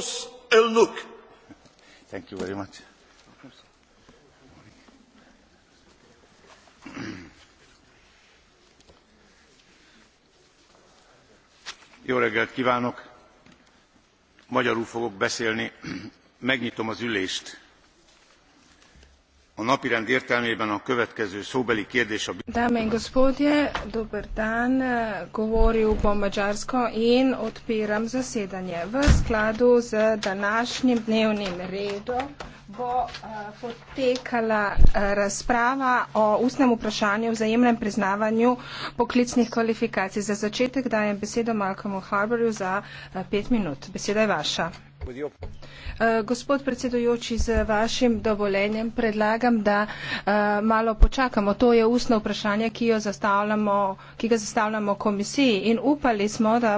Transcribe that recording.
course el nuc. Thank you very much. Jó reggelt kívánok! Magyarul fogok beszélni. Megnyitom az ülést dober dan govorim v bom madžarsko in odločno podpiram zasedanje v skladu z današnjim dnevnim redom bo eh, potekala eh, razprava o ustnem vprašanju o vzajemnem priznavanju poklicnih kvalifikacij za začetek dajem besedo malcolmu harbourju za eh, pet minut beseda je vaša Eh, gospod predsedujoči, z vašim dovolenjem predlagam, da eh, malo počakamo. To je ustno vprašanje, ki, ki ga zastavljamo komisiji in upali smo, da